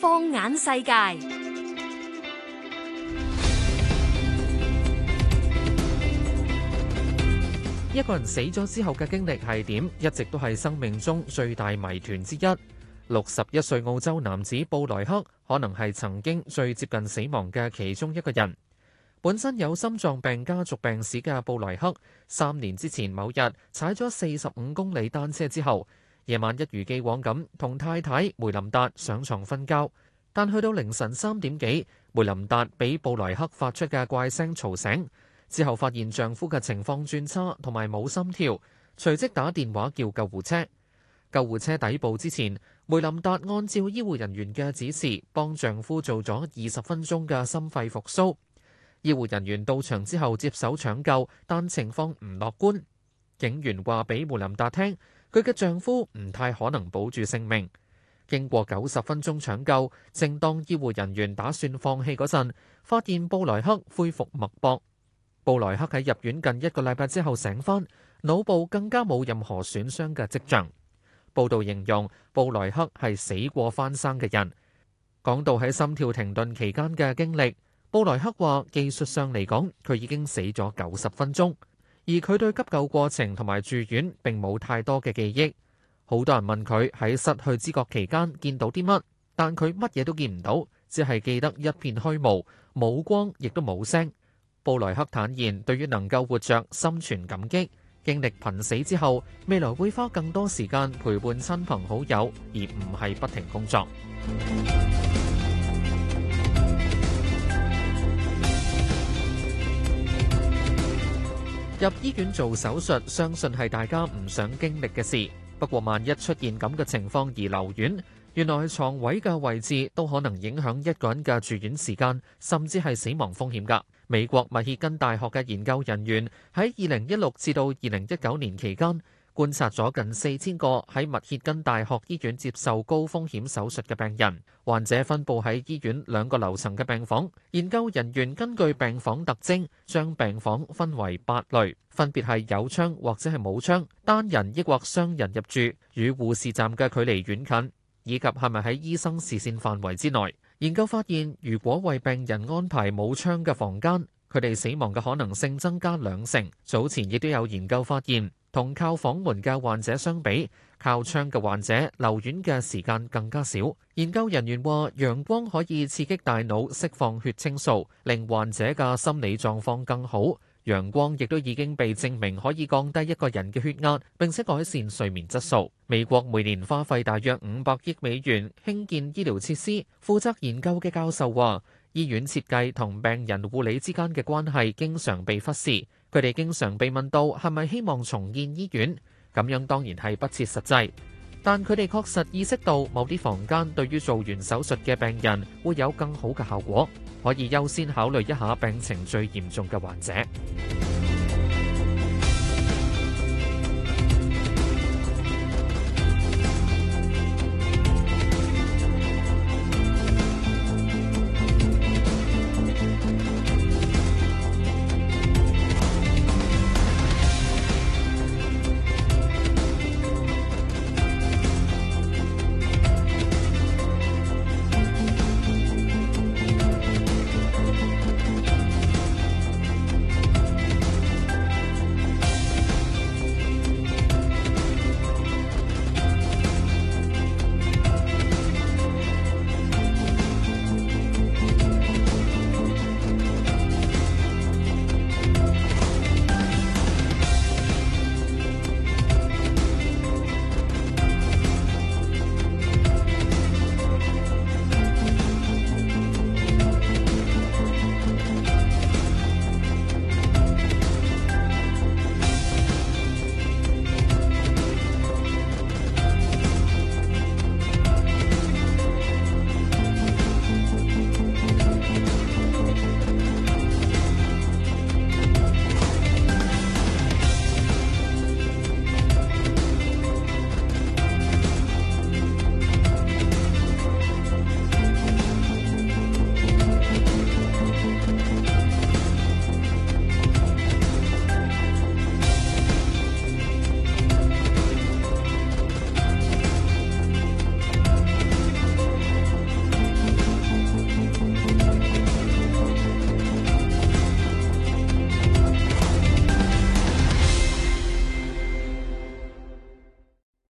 放眼世界，一個人死咗之後嘅經歷係點？一直都係生命中最大謎團之一。六十一歲澳洲男子布萊克可能係曾經最接近死亡嘅其中一個人。本身有心臟病家族病史嘅布萊克，三年之前某日踩咗四十五公里單車之後。夜晚一如既往咁同太太梅琳達上床瞓覺，但去到凌晨三點幾，梅琳達俾布萊克發出嘅怪聲嘈醒之後，發現丈夫嘅情況轉差，同埋冇心跳，隨即打電話叫救護車。救護車抵步之前，梅琳達按照醫護人員嘅指示幫丈夫做咗二十分鐘嘅心肺復蘇。醫護人員到場之後接手搶救，但情況唔樂觀。警員話俾梅琳達聽，佢嘅丈夫唔太可能保住性命。經過九十分鐘搶救，正當醫護人員打算放棄嗰陣，發現布萊克恢復脈搏。布萊克喺入院近一個禮拜之後醒翻，腦部更加冇任何損傷嘅跡象。報道形容布萊克係死過翻生嘅人。講到喺心跳停頓期間嘅經歷，布萊克話：技術上嚟講，佢已經死咗九十分鐘。而佢對急救過程同埋住院並冇太多嘅記憶，好多人問佢喺失去知覺期間見到啲乜，但佢乜嘢都見唔到，只係記得一片虛無，冇光亦都冇聲。布萊克坦言，對於能夠活着，心存感激。經歷瀕死之後，未來會花更多時間陪伴親朋好友，而唔係不停工作。入醫院做手術，相信係大家唔想經歷嘅事。不過，萬一出現咁嘅情況而留院，原來床位嘅位置都可能影響一個人嘅住院時間，甚至係死亡風險㗎。美國密歇根大學嘅研究人員喺二零一六至到二零一九年期間，觀察咗近四千個喺密歇根大學醫院接受高風險手術嘅病人，患者分布喺醫院兩個樓層嘅病房。研究人員根據病房特徵，將病房分為八類，分別係有窗或者係冇窗、單人抑或雙人入住、與護士站嘅距離遠近，以及係咪喺醫生視線範圍之內。研究發現，如果為病人安排冇窗嘅房間，佢哋死亡嘅可能性增加兩成。早前亦都有研究發現，同靠房門嘅患者相比，靠窗嘅患者留院嘅時間更加少。研究人員話，陽光可以刺激大腦釋放血清素，令患者嘅心理狀況更好。陽光亦都已經被證明可以降低一個人嘅血壓，並且改善睡眠質素。美國每年花費大約五百億美元興建醫療設施。負責研究嘅教授話。醫院設計同病人護理之間嘅關係經常被忽視，佢哋經常被問到係咪希望重建醫院，咁樣當然係不切實際，但佢哋確實意識到某啲房間對於做完手術嘅病人會有更好嘅效果，可以優先考慮一下病情最嚴重嘅患者。